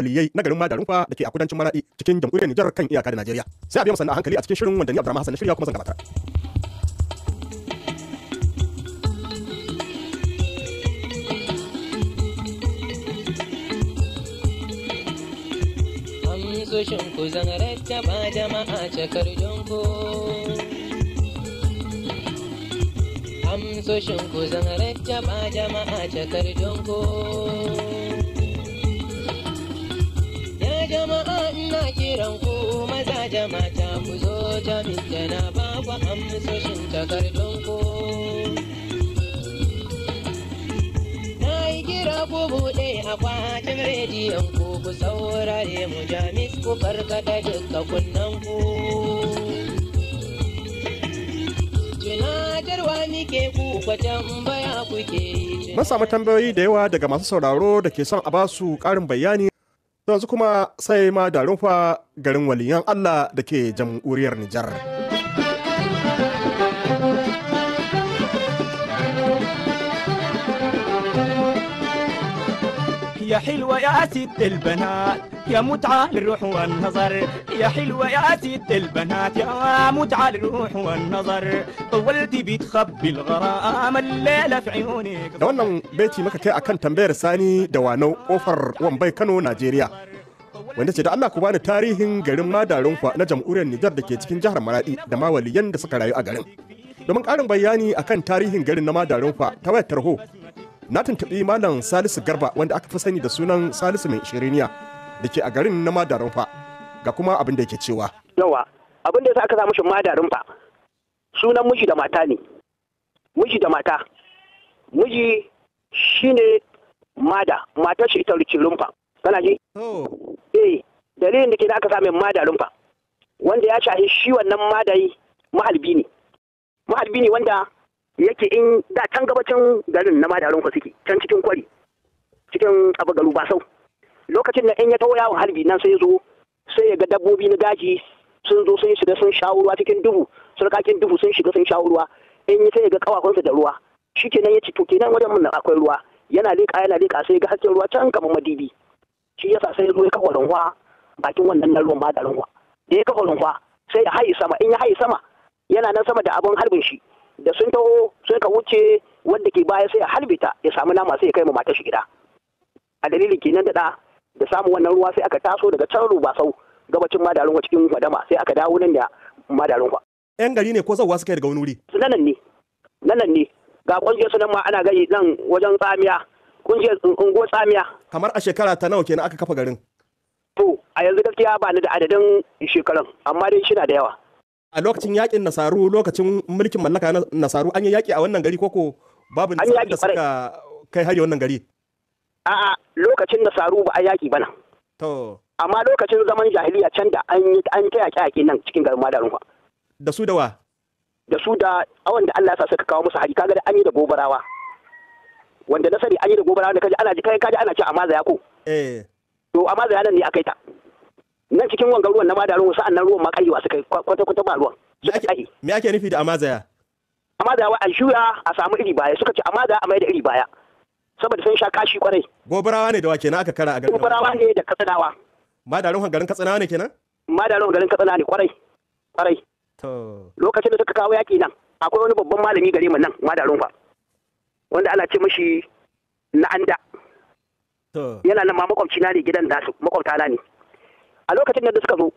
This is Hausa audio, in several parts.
waliyai na garin Madarin fa da ke a kudancin Maradi cikin jamhuriyar Nijar kan iyaka da Najeriya. Sai a biya musanna hankali a cikin shirin wanda ni Abdurrahman Hassan shirya kuma zan gabatar. Amsoshin ku zan rattaba jama'a cakar ku. Amsoshin ku zan rattaba jama'a cakar jonko jama'a ina kiran ku maza jama'a ku zo jami'in jana ba ku amsoshin takardun ku. Na yi kira ku buɗe akwatin rediyon ku ku saurare mu jami'in ku karkata dukka kunnen ku. Mun samu tambayoyi da yawa daga masu sauraro da ke son a basu ƙarin bayani yanzu kuma sai ma da rufa garin waliyan Allah da ke jamhuriyar Nijar. يا حلوة يا ست البنات يا متعة للروح والنظر يا حلوة يا ست البنات يا متعة للروح والنظر طولتي بتخبي الغرام الليلة في عيونك da wannan beti maka kai akan tambayar sani da wanau kofar wambai Kano Najeriya wanda ce da Allah ku bani tarihin garin Madarin kwa na jam'uriyar Nijar da ke cikin jihar Maradi da mawaliyan da suka rayu a garin domin ƙarin bayani akan tarihin garin na Madarin kwa ta wayar tarho na tuntuɓi malam salisu garba wanda aka fi sani da sunan salisu mai shiriniya da ke a garin na madarin fa ga kuma abin da yake cewa yawa abin da aka samu shi madarin fa sunan miji da mata ne miji da mata miji shine mada matar shi ita rikin rumfa kana ji eh dalilin da ke da aka samu mada rumfa wanda ya shahi shi wannan madayi mahalbi ne mahalbi ne wanda yake in da can gabacin garin na madarin ku suke can cikin kwari cikin abu garu ba sau lokacin da in ya tawo yawon harbi nan sai zo sai ya ga dabbobi na daji sun zo sun shiga sun shawurwa cikin duhu kakin duhu sun shiga sun shawurwa in yi sai ya ga kawafansa da ruwa shi nan ya ci to kenan wajen mun akwai ruwa yana leƙa yana leƙa sai ga hasken ruwa can kamar madibi shi yasa sai ya zo ya kafa runwa bakin wannan na ruwan madarin ruwa da ya kafa runwa sai ya haye sama in ya haye sama yana nan sama da abin harbin shi da sun taho sun ka wuce wanda ke baya sai a halbe ta ya samu nama sai ya kai ma matar shi gida a dalilin kenan da da samun wannan ruwa sai aka taso daga can sau gabacin madarin wa cikin wadama sai aka dawo nan da madarin wa yan gari ne ko zauwa suka daga wani wuri nan ne nan ne ga kungiyar su nan ma ana gani nan wajen tsamiya kungiyar ungo tsamiya kamar a shekara ta nawa kenan aka kafa garin to a yanzu gaskiya ba ni da adadin shekarun amma dai shi na da yawa a lokacin yakin nasaru lokacin mulkin mallaka na nasaru an yi yaki a wannan gari koko babu nasaru da suka kai hari wannan gari a'a lokacin nasaru ba a yaki bana to amma lokacin zaman jahiliya can da an yi an ta yaki yaki nan cikin garin madarun da su da wa da su da awan da Allah ya sa suka kawo musu hari kaga da an yi da gobarawa wanda na sani an yi da gobarawa da kaji ana ji kaji ana ci amma zaya ko eh to amma zaya nan ne akai ta nan cikin wanga ruwan na ruwan sa'an nan ruwan ma karewa suka kwata kwata ba ruwan me ake nufi da amazaya amazaya wa a shuya a samu iri baya suka ce amazaya a mai da iri baya saboda sun sha kashi kwarai gobarawa ne da wa kenan aka kara a garin gobarawa ne da katsinawa madarin garin katsinawa ne kenan madarin garin katsinawa ne kwarai kwarai lokacin da suka kawo yaƙi nan akwai wani babban malami gare mu nan madarin ba wanda ana ce mashi na'anda. anda yana nan ma makwabci na ne gidan nasu makwabta na ne a lokacin da suka zo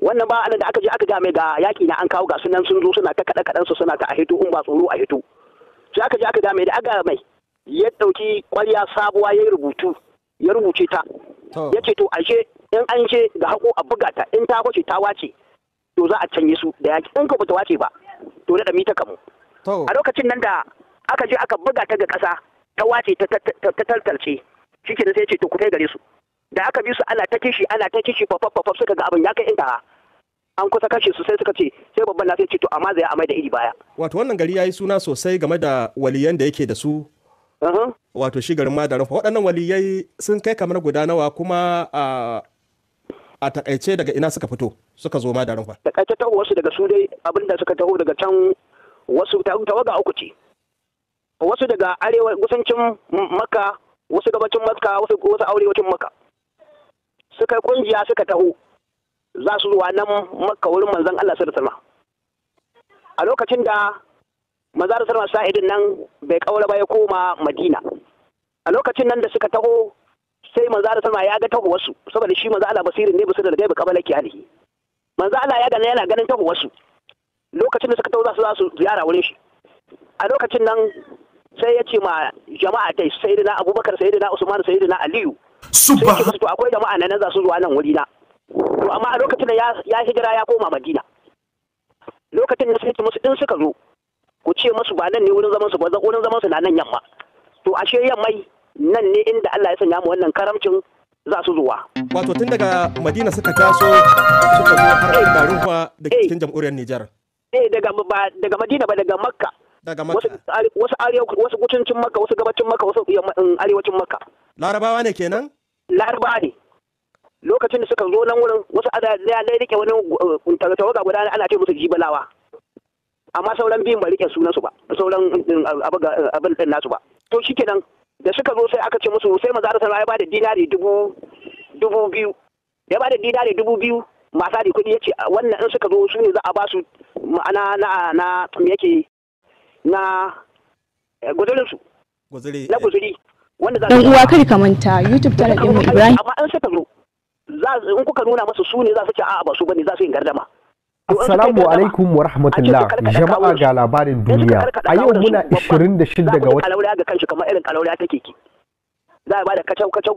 wannan ba da aka je aka ga mai ga yaki na an kawo ga sunan sun zo suna ta kada kadan su suna ta a hito in ba tsoro a hito sai aka je aka ga mai da aka mai ya dauki kwarya sabuwa ya rubutu ya rubuce ta ya ce to ashe in an je ga hako a buga ta in ta wace ta wace to za a canye su da yaki in ka bata wace ba to da mita kamu a lokacin nan da aka je aka buga ta ga kasa ta wace ta tattalce shi ke sai ce to ku kai gare su da aka bi su ana ta kishi ana ta kishi fafaf fafaf suka ga abin ya kai inda an kusa kashe su sai suka ce sai babban na sai ce to amma zai amai da iri baya wato wannan gari yayi suna sosai game da waliyan da yake da su uh-huh. wato shi garin madarin waɗannan waliyai sun kai kamar guda nawa kuma a takaice daga ina suka fito suka zo madarin fa takaice ta wasu daga su dai abinda suka taho daga can wasu ga uku ce wasu daga arewa kusancin makka wasu gabacin makka wasu wasu arewacin makka suka yi kungiya suka taho za su zuwa nan makka wurin manzon Allah sallallahu alaihi a lokacin da manzon sallallahu alaihi nan bai kaura ba ya koma Madina a lokacin nan da suka taho sai manzon sallallahu ya ga taho wasu saboda shi manzon Allah basirin ne bisa da gaibi kabala ki alihi manzon Allah ya ga yana ganin taho wasu lokacin da suka taho za su za su ziyara wurin shi a lokacin nan sai ya ce ma jama'a dai sayyidina Abubakar sayyidina Usman sayyidina Aliyu subhan to akwai jama'a nan za su zuwa nan wuri na to amma a lokacin da ya hijira ya koma madina lokacin da sai musu in suka zo ku ce musu ba nan ne wurin zaman su ba wurin zaman su na nan yamma to ashe yammai nan ne inda Allah ya sanya mu wannan karamcin za su zuwa. Wato tun daga Madina suka taso suka zo har Barufa eh. da eh. cikin jamhuriyar Nijar. Eh daga ba daga Madina ba daga Makka. Daga Makka. Wasu arewacin Makka, wasu gabacin Makka, wasu arewacin Makka. Larabawa ne kenan? laraba ne lokacin da suka zo nan wurin wasu azazai rike wani uh, tawaga guda ana ce musu jibalawa amma sauran biyun ba rike sunan su ba sauran uh, abin din uh, nasu ba to shikenan da suka zo sai aka ce musu sai da Allah ya bada dinari dubu dubu biyu ya bada dinari dubu biyu masa da kuɗi ce wannan in suka zo su ne za a ba su ma'ana na na yake na eh, guzurinsu na guzuri dan uwa kada ka manta youtube tana din mu ibrahim amma an saka zo in kuka nuna masa su ne za su ce a'a ba su bane za su yi gardama Assalamu alaikum wa rahmatullah jama'a ga labarin duniya a yau muna 26 ga watan kalauriya ga kanshi kamar irin kalauriya take ki za a bada kacau kacau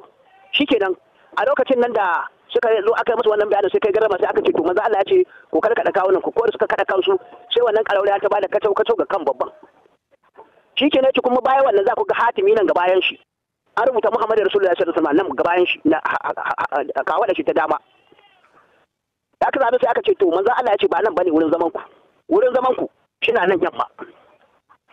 shikenan a lokacin nan da suka zo aka yi musu wannan bayanin sai kai garama sai aka ce to manzo Allah ya ce ko kada daka wannan ku ko suka kada kansu sai wannan kalauriya ta bada kacau kacau ga kan babban shikenan ki kuma bayan wannan za ku ga hatimi nan ga bayan shi an rubuta Muhammadu Rasulullahi sallallahu alaihi wasallam gabayan shi da shi ta dama da aka zabe sai aka ce to manzo Allah ya ce ba nan bane wurin zaman ku wurin zaman ku shina nan yamma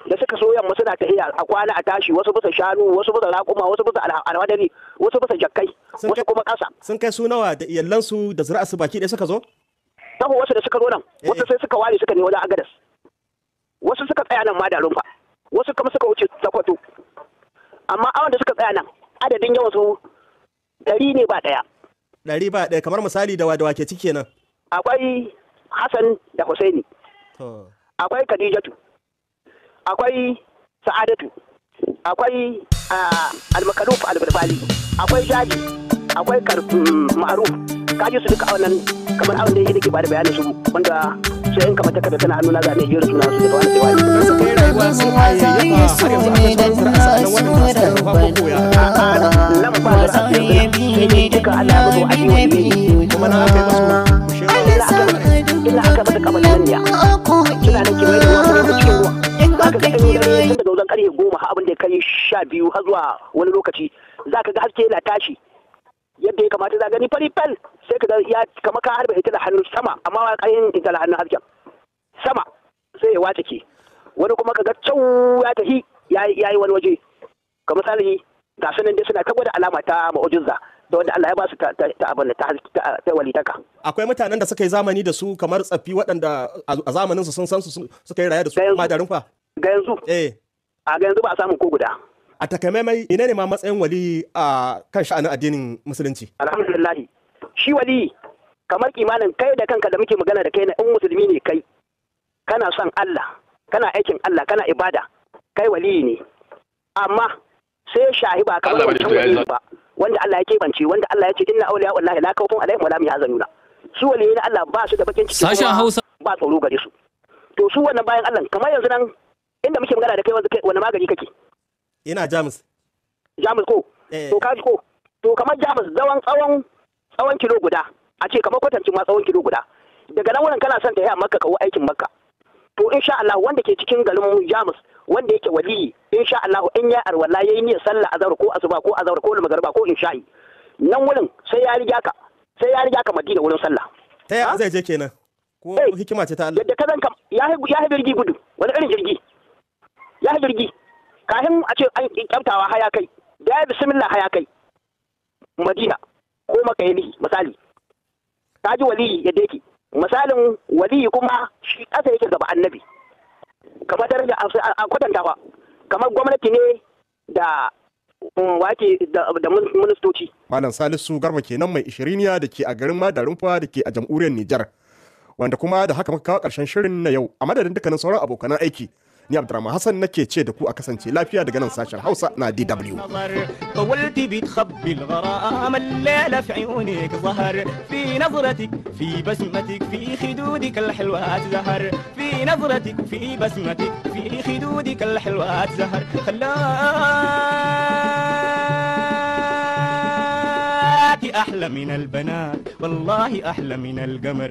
da suka so yamma suna ta iya a kwana a tashi wasu bisa shanu wasu bisa raƙuma wasu bisa alwadari wasu bisa jakkai wasu kuma ƙasa sun kai su nawa da iyallan su da zuri'a su baki da suka zo sabo wasu da suka zo nan eh. wasu sai suka ware suka ne wajen agadas wasu suka tsaya nan ma da rumfa wasu kuma suka wuce sakwato amma awon da suka tsaya nan adadin yawan su ɗari ne ba ɗaya. dari ba daya kamar misali da wadawa ke ciki nan. Akwai Hassan da Hussaini. Akwai Khadijatu. Akwai Sa'adatu. Akwai ah, Almakaruf albarbali Akwai Jaji. Akwai mm, Ma'aruf. Kaji su duka awon nan kamar awon da yake ba da bayanin su wanda zuciya in kamar takarda tana hannuna za a suna su da wani wani. daga goma har abin da sha biyu har zuwa wani lokaci za ga haske yana tashi yadda ya kamata za gani fari fal sai ka ya kama ka harba ita da hannu sama amma kayan ita da hannu hasken sama sai ya wace ke wani kuma ka ga cau ya tafi ya yi wani waje ka misali ga sanin dai suna ta gwada alama ta ma'ujizza da wanda Allah ya ba su ta abin ta walitaka. Akwai mutanen da suka yi zamani da su kamar tsaffi waɗanda a zamanin su sun san su suka yi raya da su da rumfa. Ga yanzu. Eh. A ga yanzu ba a samun ko guda. a takamaimai ina ne ma matsayin wali a kan sha'anin addinin musulunci alhamdulillah shi wali kamar kimanin kai da kanka da muke magana da kai na in musulmi ne kai kana son Allah kana aikin Allah kana ibada kai wali ne amma sai shahi ba kamar wancan wali ba wanda Allah ya keɓance, wanda Allah ya ce inna awliya wallahi la khawfun alaihim wala hum yahzanuna su wali ne Allah ba su da bakin ciki sashen Hausa ba tsoro gare su to su wannan bayan Allah kamar yanzu nan inda muke magana da kai wanda kai wani magani kake ina jamus jamus ko eh. to kaji ko to kamar jamus tsawon tsawon tsawon kilo guda a ce kamar kwatancin ma tsawon kilo guda daga nan wurin kana son ta yi a makka kawo aikin makka to insha Allah wanda ke cikin garin jamus wanda yake waliyi insha Allah in ya arwala yayi niyyar sallah azhar ko asuba ko azhar ko magriba ko insha'i nan wurin sai ya riga ka sai ya riga ka madina wurin sallah ta ya zai je kenan ko eh. hikima ce ta Allah yadda ka zanka ya ya birgi gudu wani irin jirgi ya birgi kafin a ce an kyamtawa haya kai da ya bismillah haya kai madina ko maka misali ka ji waliyi yadda yake misalin waliyi kuma shi ƙasa yake gaba annabi kamar daraja a kwatantawa kamar gwamnati ne da mm, wake da ministoci. Malam Salisu Garba kenan mai ishiriniya da ke a garin fa da ke a jamhuriyar Nijar. Wanda kuma da haka muka kawo ƙarshen shirin na yau a madadin dukkanin sauran abokan aiki. ni Abdurrahman Hassan nake ce da ku a kasance lafiya daga nan sashen Hausa na DW بتخبي الغرام الليلة في عيونك ظهر في نظرتك في بسمتك في خدودك الحلوات زهر في نظرتك في بسمتك في خدودك الحلوات زهر أحلى من البنات والله أحلى من القمر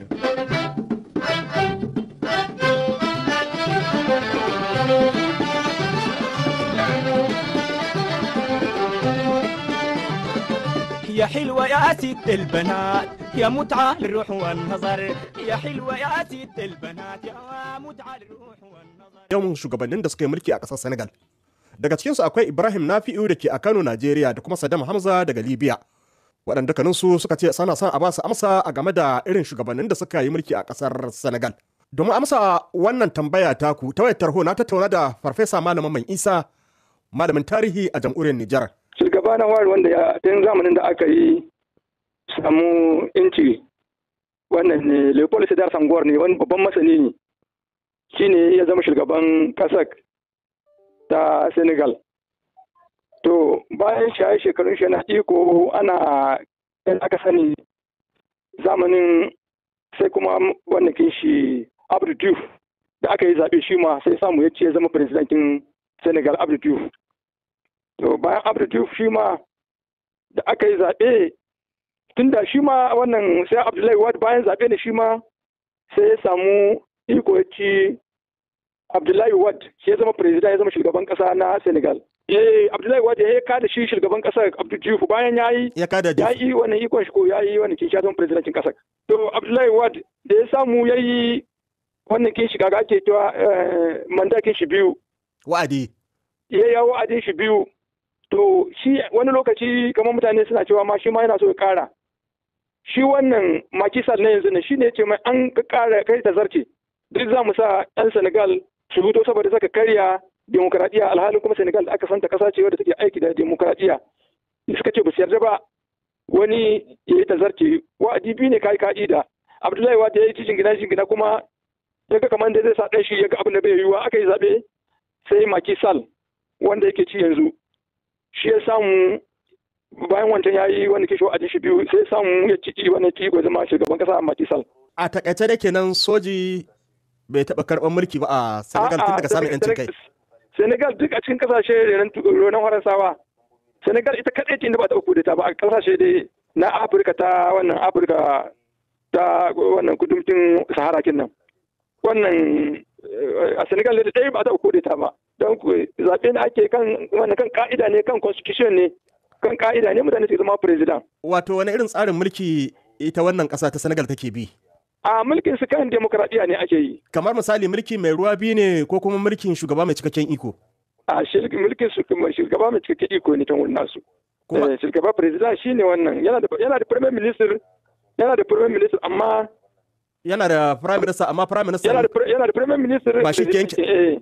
يا حلوة يا ست البنات يا متعة للروح والنظر يا حلوة يا ست البنات يا متعة للروح والنظر يوم shugabannin da suka yi mulki a ƙasar Senegal daga cikinsu akwai Ibrahim nafi da ke a Kano Najeriya da kuma Saddam Hamza daga Libya waɗanda kaninsu suka ce sana son a ba su amsa a game da irin shugabannin da suka yi mulki a ƙasar Senegal Domin amsa wannan tambaya taku ta wayar tarho na tattauna da farfesa malamin mai isa malamin tarihi a jamhuriyar Nijar. Shugaba na wari wanda ya tun zamanin da aka yi samu inci wannan ne Leopold Sedar Sangwar ne wani babban masani ne shine ya zama shugaban kasak ta Senegal. To bayan shaye shekarun shi na iko ana aka sani zamanin sai kuma wannan shi. abdu diouf da aka yi zaɓe shi ma sai samu ya ce ya zama firistantin senegal abdu diouf to bayan abdu diouf shi ma da aka yi zaɓe tun da shi ma wannan sai abdullahi wad bayan zaɓe ne shi ma sai ya samu iko ya ci abdullahi wad shi ya zama firistantin ya zama shugaban ƙasa na senegal eh abdullahi wad ya kada shi shugaban ƙasar abdu diouf bayan ya yi ya yi wannan ikon shi ko ya yi wannan kin shi ya zama firistantin ƙasar to abdullahi wad da ya samu ya yi wannan kishi ga ake cewa eh, mandakin shi biyu wa'adi eh, ya ya wa'adin shi biyu to shi wani lokaci kamar mutane suna cewa ma shi ma yana so ya kara shi wannan makisar na yanzu ne shi ne ce mai an kara kai ta zarce duk za mu sa yan senegal su fito saboda saka karya demokradiyya alhalin kuma senegal da aka santa kasa ce wadda take aiki da Ni suka ce ba su yarda ba wani ya yi ta zarce. wa'adi biyu ne kai ka'ida abdullahi wata ya yi cikin gida cikin gida kuma ya ga kamar da zai sa ɗan shi ya ga abin da bai yiwuwa aka yi zaɓe sai maki sal wanda yake ci yanzu shi ya samu bayan wancan ya yi wani kisho a jishi biyu sai samu ya ci ci wani ci gwazi ma shugaban kasa maki sal. a takaice da kenan soji bai taɓa karɓar mulki ba a senegal tun daga samun yancin kai. senegal duk a cikin kasashe renon faransawa senegal ita kaɗai ce da ba da ta ba a kasashe dai na afirka ta wannan afirka ta wannan kudumcin sahara kin nan wannan eh, a Senegal da ta yi ba ta kodeta ba don ku zaɓe ne ake kan wani kan ka'ida ne kan constitution ne kan ka'ida ne mutane su zama president. Wato wani irin tsarin mulki ita wannan ƙasa ta Senegal take bi? A mulkin su kan demokradiyya ne ake yi. Kamar misali mulki mai ruwa biyu ne ko kuma mulkin shugaba mai cikakken iko? A mulkin su shugaba mai cikakken iko ne ta wani nasu. Eh, shugaba president shi ne wannan yana da premier minister yana da premier minister amma yana da prime minister amma prime minister yana da prime minister ba shi ke yanke eh, eh.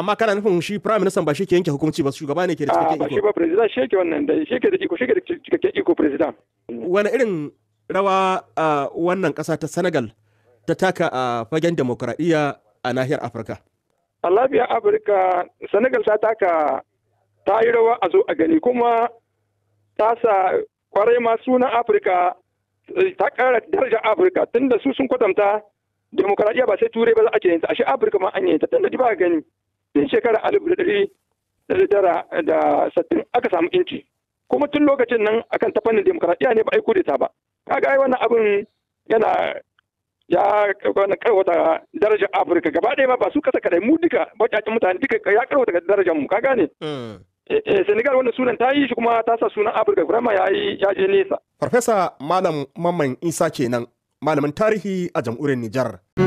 amma kana nufin shi prime minister ba shi ke yanke hukunci ba shugaba ne ke da cikakken ah, iko ba president shi ke wannan da shi ke da iko shi ke da cikakken iko president wani irin rawa a wannan kasa ta Senegal ta taka a fagen demokradiyya a nahiyar Afirka a lafiyar Afirka Senegal ta taka ta yi rawa a zo a gani kuma ta sa kwarai ma suna Afirka ta ƙara darajar afirka tunda su sun kwatanta demokaradiyya ba sai turai ba za a ce ta ashe afirka ma an yi ta tunda ba gani tun shekara alif da ɗari tara da sattin aka samu inci kuma tun lokacin nan akan ta fannin demokaradiyya ne ba a yi kudeta ba kaga ai wannan abin yana ya karwata darajar afirka gaba ɗaya ma ba su kasa kaɗai mu duka baƙaƙen mutane duka ya karwata darajar mu ka gane mm. Eh, eh, Senegal wannan sunan ta yi shi kuma ta sa sunan Afirka Burama ya yi ya je nesa. Farfesa Malam Mamman Isa kenan, malamin tarihi a jam'urin Nijar.